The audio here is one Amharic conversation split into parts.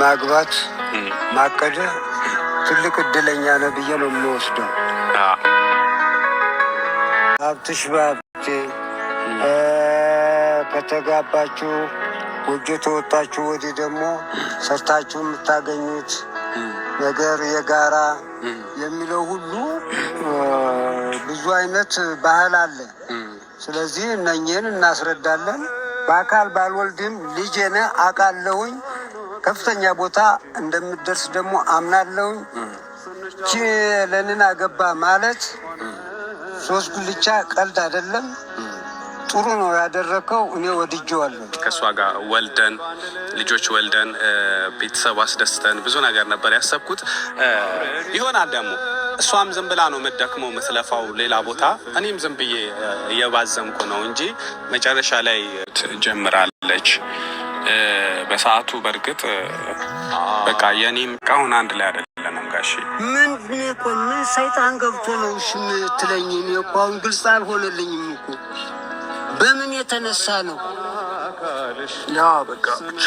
ማግባት ማቀደ ትልቅ እድለኛ ነው ብዬ ነው የምወስደው። ሀብትሽ በሀብቴ ከተጋባችሁ ጎጆ ተወጣችሁ ወዲህ ደግሞ ሰርታችሁ የምታገኙት ነገር የጋራ የሚለው ሁሉ ብዙ አይነት ባህል አለ። ስለዚህ እነኝህን እናስረዳለን። በአካል ባልወልድም ልጄን አውቃለሁኝ። ከፍተኛ ቦታ እንደምደርስ ደግሞ ቺ ችለንን አገባ ማለት ሶስት ጉልቻ ቀልድ አይደለም። ጥሩ ነው ያደረከው፣ እኔ ወድጄዋለሁ። ከእሷ ጋር ወልደን ልጆች ወልደን ቤተሰብ አስደስተን ብዙ ነገር ነበር ያሰብኩት። ይሆናል ደግሞ እሷም ዝም ብላ ነው የምትደክመው የምትለፋው ሌላ ቦታ፣ እኔም ዝም ብዬ ነው እንጂ መጨረሻ ላይ ትጀምራለች። በሰዓቱ በእርግጥ በቃ የኔም ቃሁን አንድ ላይ አይደለንም ጋሽ ምን እኔ እኮ ምን ሰይጣን ገብቶ ነው እሺ የምትለኝ? እኔ እኮ አሁን ግልጽ አልሆነልኝም እኮ በምን የተነሳ ነው? ያ በቃ ብቻ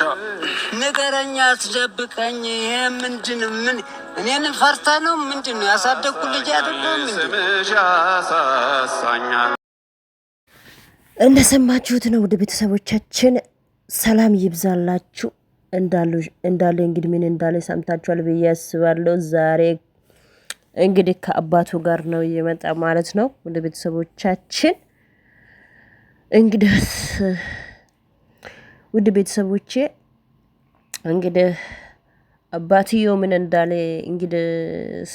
ንገረኛ፣ አስደብቀኝ። ይሄ ምንድን ምን እኔን ፈርተ ነው ምንድን ነው ያሳደግኩ ልጅ አይደለም እንደሰማችሁት ነው ውድ ቤተሰቦቻችን ሰላም ይብዛላችሁ እንዳለ እንግዲህ ምን እንዳለ ሰምታችኋል ብዬ አስባለሁ። ዛሬ እንግዲህ ከአባቱ ጋር ነው እየመጣ ማለት ነው። ወደ ቤተሰቦቻችን እንግዲህ ውድ ቤተሰቦቼ እንግዲህ አባትዮ ምን እንዳለ እንግዲህ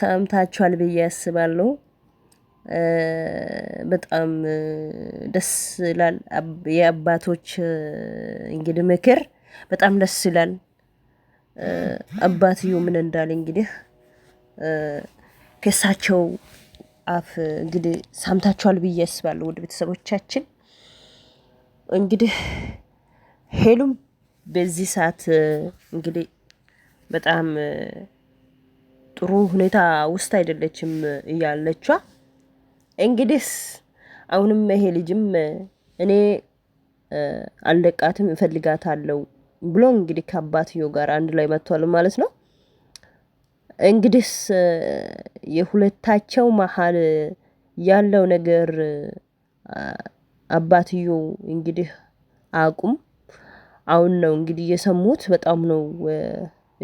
ሰምታችኋል ብዬ አስባለሁ። በጣም ደስ ይላል። የአባቶች እንግዲህ ምክር በጣም ደስ ይላል። አባትዮ ምን እንዳለ እንግዲህ ከእሳቸው አፍ እንግዲህ ሰምታችኋል ብዬ አስባለሁ። ወደ ቤተሰቦቻችን እንግዲህ ሄሉም በዚህ ሰዓት እንግዲህ በጣም ጥሩ ሁኔታ ውስጥ አይደለችም እያለቿ እንግዲህ አሁንም ይሄ ልጅም እኔ አልለቃትም እፈልጋታለሁ ብሎ እንግዲህ ከአባትዮ ጋር አንድ ላይ መጥቷል ማለት ነው። እንግዲህ የሁለታቸው መሀል ያለው ነገር አባትዮ እንግዲህ አቁም አሁን ነው እንግዲህ የሰሙት። በጣም ነው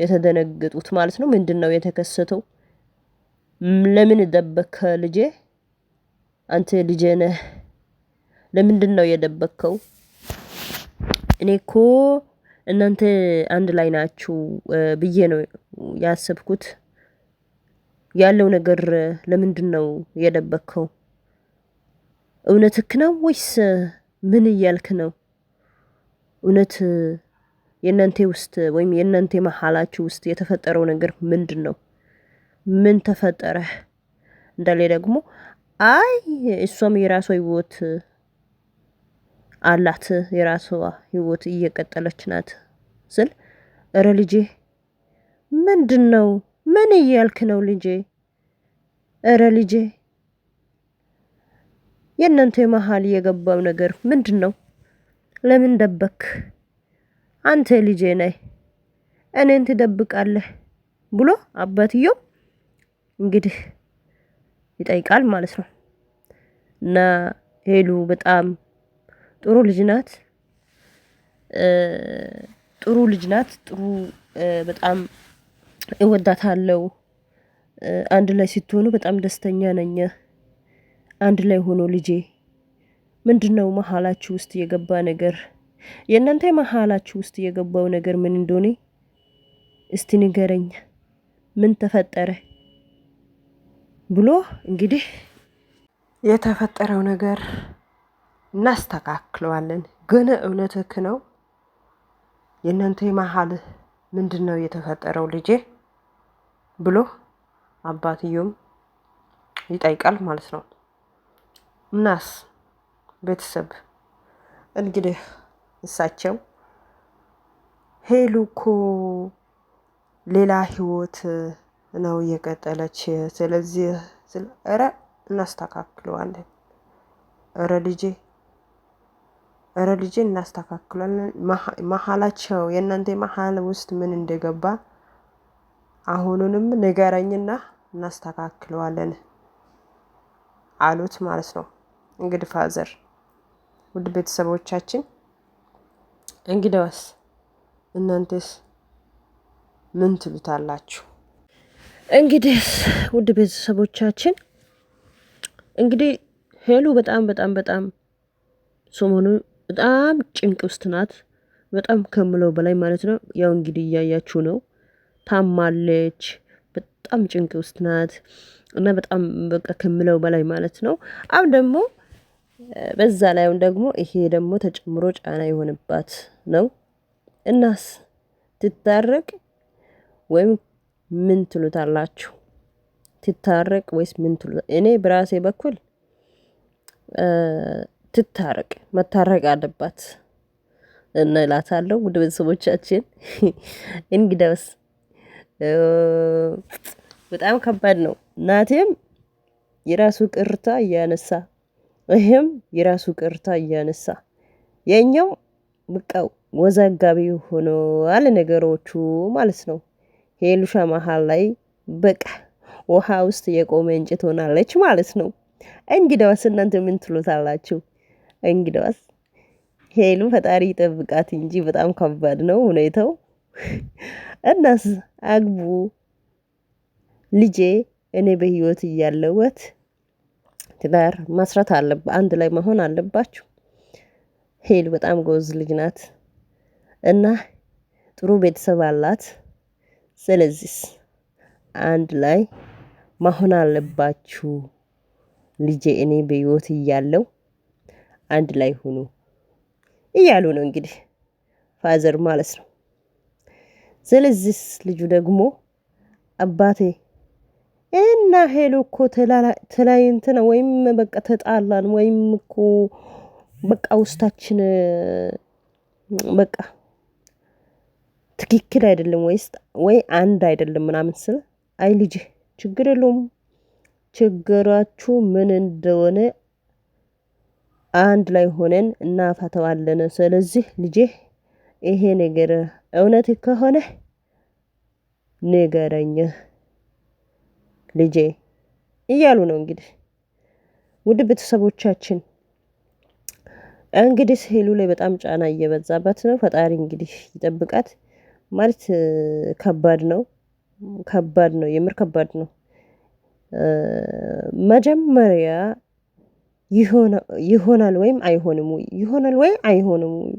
የተደነገጡት ማለት ነው። ምንድን ነው የተከሰተው? ለምን ደበከ ልጄ አንተ ልጄ ነህ፣ ለምንድን ነው እኔ እኮ እናንተ አንድ ላይ ናችሁ ብዬ ነው ያሰብኩት። ያለው ነገር ለምንድን ነው የደበከው? እውነትክ ነው ወይስ ምን እያልክ ነው? እውነት የእናንተ ውስጥ ወይም የእናንተ መሀላችሁ ውስጥ የተፈጠረው ነገር ምንድን ነው? ምን ተፈጠረ? እንዳለ ደግሞ አይ እሷም የራሷ ህይወት አላት የራሷ ህይወት እየቀጠለች ናት ስል እረ ልጄ ምንድን ነው? ምን እያልክ ነው ልጄ? እረ ልጄ የእናንተ መሀል የገባው ነገር ምንድን ነው? ለምን ደበክ? አንተ ልጄ ነህ እኔን ትደብቃለህ ብሎ አባትየው እንግዲህ ይጠይቃል ማለት ነው። እና ሄሉ በጣም ጥሩ ልጅ ናት። ጥሩ ልጅ ናት። ጥሩ በጣም እወዳታለሁ። አንድ ላይ ስትሆኑ በጣም ደስተኛ ነኝ። አንድ ላይ ሆኖ ልጄ ምንድን ነው መሀላችሁ ውስጥ የገባ ነገር? የእናንተ መሀላችሁ ውስጥ የገባው ነገር ምን እንደሆነ እስቲ ንገረኝ። ምን ተፈጠረ? ብሎ እንግዲህ የተፈጠረው ነገር እናስተካክለዋለን። ግን እውነትህ ነው። የእናንተ መሀል ምንድን ነው የተፈጠረው ልጄ ብሎ አባትዮም ይጠይቃል ማለት ነው። እናስ ቤተሰብ እንግዲህ እሳቸው ሄሉ እኮ ሌላ ህይወት ነው እየቀጠለች። ስለዚህ ኧረ እናስተካክለዋለን፣ ኧረ ልጄ፣ ኧረ ልጄ እናስተካክለዋለን። መሀላቸው የእናንተ መሀል ውስጥ ምን እንደገባ አሁኑንም ንገረኝና እናስተካክለዋለን አሉት ማለት ነው። እንግዲህ ፋዘር ውድ ቤተሰቦቻችን እንግዲያውስ እናንተስ ምን ትሉታላችሁ? እንግዲህ ውድ ቤተሰቦቻችን እንግዲህ ሄሉ በጣም በጣም በጣም ሰሞኑ በጣም ጭንቅ ውስጥ ናት። በጣም ከምለው በላይ ማለት ነው። ያው እንግዲህ እያያችሁ ነው። ታማለች። በጣም ጭንቅ ውስጥ ናት እና በጣም በቃ ከምለው በላይ ማለት ነው። አሁን ደግሞ በዛ ላይ አሁን ደግሞ ይሄ ደግሞ ተጨምሮ ጫና የሆነባት ነው። እናስ ትታረቅ ወይም ምን ትሉታላችሁ? ትታረቅ ወይስ ምን ትሉታ? እኔ በራሴ በኩል ትታረቅ መታረቅ አለባት እንላታለሁ። ውድ ቤተሰቦቻችን እንግዳውስ በጣም ከባድ ነው። ናቴም የራሱ ቅርታ እያነሳ ይህም የራሱ ቅርታ እያነሳ የኛው ብቃው ወዛጋቢ ሆኖ አለ ነገሮቹ ማለት ነው። ሄሉሻ መሀል ላይ በቃ ውሃ ውስጥ የቆመ እንጨት ሆናለች ማለት ነው። እንግዳዋስ እናንተ ምን ትሉታላችሁ? እንግዳዋስ ሄሉ ፈጣሪ ይጠብቃት እንጂ በጣም ከባድ ነው ሁኔታው። እናስ አግቡ ልጄ፣ እኔ በህይወት እያለወት ትዳር ማስራት አለ አንድ ላይ መሆን አለባችሁ። ሄሉ በጣም ጎዝ ልጅ ናት እና ጥሩ ቤተሰብ አላት። ስለዚህ አንድ ላይ መሆን አለባችሁ። ልጄ እኔ በህይወት እያለው አንድ ላይ ሁኑ እያሉ ነው እንግዲህ ፋዘር ማለት ነው። ስለዚህ ልጁ ደግሞ አባቴ እና ሄሎ እኮ ተለያይተን ወይም በቃ ተጣላን ወይም እኮ በቃ ውስጣችን በቃ ትክክል አይደለም ወይስ ወይ አንድ አይደለም ምናምን ስለ አይ ልጅ ችግር የለውም ችግራችሁ ምን እንደሆነ አንድ ላይ ሆነን እናፈተዋለን። ስለዚህ ልጅህ ይሄ ነገር እውነት ከሆነ ንገረኝ ልጄ እያሉ ነው። እንግዲህ ውድ ቤተሰቦቻችን እንግዲህ ሄሉ ላይ በጣም ጫና እየበዛባት ነው። ፈጣሪ እንግዲህ ይጠብቃት። ማለት ከባድ ነው ከባድ ነው የምር ከባድ ነው። መጀመሪያ ይሆናል ወይም አይሆንም ወይ ይሆናል ወይ አይሆንም ወይ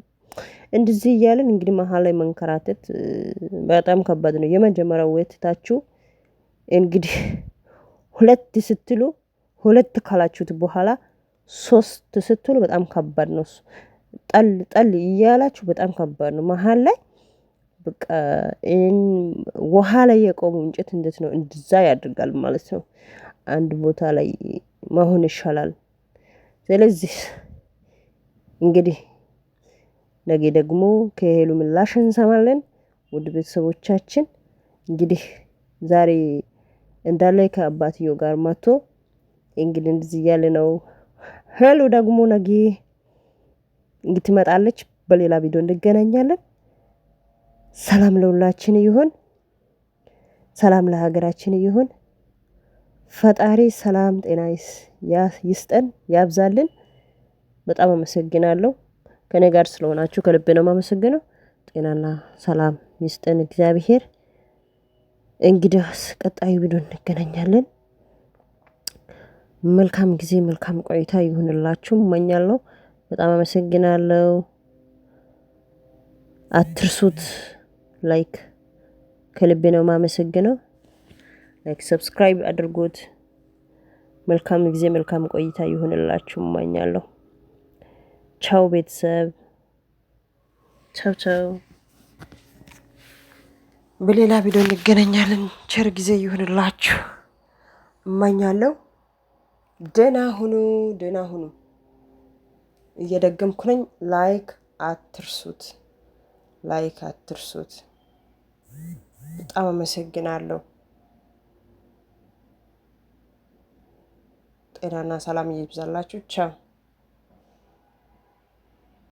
እንደዚህ እያለን እንግዲህ መሀል ላይ መንከራተት በጣም ከባድ ነው። የመጀመሪያው ወትታችሁ እንግዲህ ሁለት ስትሉ ሁለት ካላችሁት በኋላ ሶስት ስትሉ በጣም ከባድ ነው። ጠል ጠል እያላችሁ በጣም ከባድ ነው መሀል ላይ ይህን ውሃ ላይ የቆሙ እንጨት እንዴት ነው እንድዛ ያደርጋል ማለት ነው። አንድ ቦታ ላይ መሆን ይሻላል። ስለዚህ እንግዲህ ነገ ደግሞ ከሄሉ ምላሽ እንሰማለን። ውድ ቤተሰቦቻችን እንግዲህ ዛሬ እንዳለ ከአባትዮ ጋር መጥቶ እንግዲህ እንደዚህ እያለ ነው። ሄሉ ደግሞ ነገ ትመጣለች። በሌላ ቪዲዮ እንገናኛለን። ሰላም ለሁላችን ይሁን። ሰላም ለሀገራችን ይሁን። ፈጣሪ ሰላም ጤና ይስጠን ያብዛልን። በጣም አመሰግናለሁ። ከኔ ጋር ስለሆናችሁ ከልቤ ነው የማመሰግነው። ጤናና ሰላም ይስጠን እግዚአብሔር። እንግዲያስ ቀጣዩ ቪዲዮ እንገናኛለን። መልካም ጊዜ መልካም ቆይታ ይሁንላችሁ እመኛለሁ። በጣም አመሰግናለሁ። አትርሱት። ላይክ ከልቤ ነው ማመሰግነው። ላይክ ሰብስክራይብ አድርጎት። መልካም ጊዜ መልካም ቆይታ ይሆንላችሁ እማኛለሁ። ቻው ቤተሰብ፣ ቻው ቻው። በሌላ ቪዲዮ እንገናኛለን። ቸር ጊዜ ይሆንላችሁ እማኛለሁ። ደህና ሁኑ፣ ደህና ሁኑ። እየደገምኩ ነኝ። ላይክ አትርሱት፣ ላይክ አትርሱት። በጣም አመሰግናለሁ። ጤናና ሰላም እየብዛላችሁ። ቻው